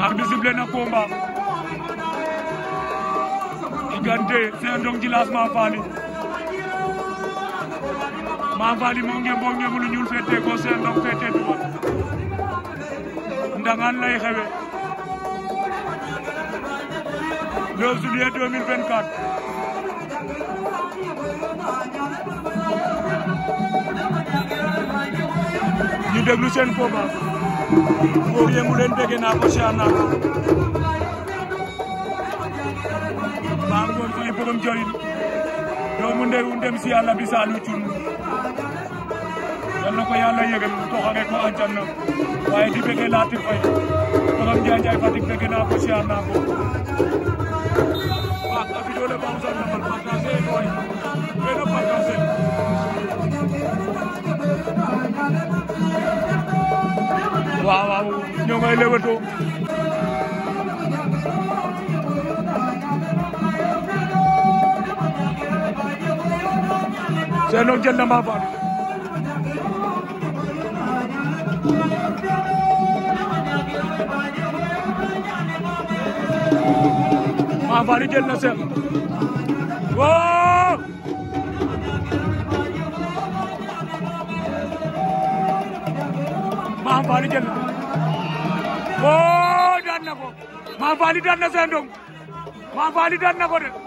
arbitre sifflé na combat diggante Sendong Djilass Mame Faly Mame Faly moo ngi boo ngeemu lu ñuul féetee ko Sendong féetee droit ndangaan lay xewe le juillet 2024 ñu déglu seen combat Mbour yëngu leen bëgg naa ko siyaar naa ko maa ngi woon fii borom joyin doomu ndeyu si yàlla bi saalu cun yal na ko yàlla yërëm waaye di bëgg laati fay borom Njaay Njaay Fatick bëgg naa ko siyaar naa ko waaw afidole bam sa waaw waaw ñoo ngay leewatoo Seen Ndong jël na Mame Fatou Mame Fatou jël na Seen waaw oo oh, daan na ko Mame Faly daan na Sendong Mame Faly daan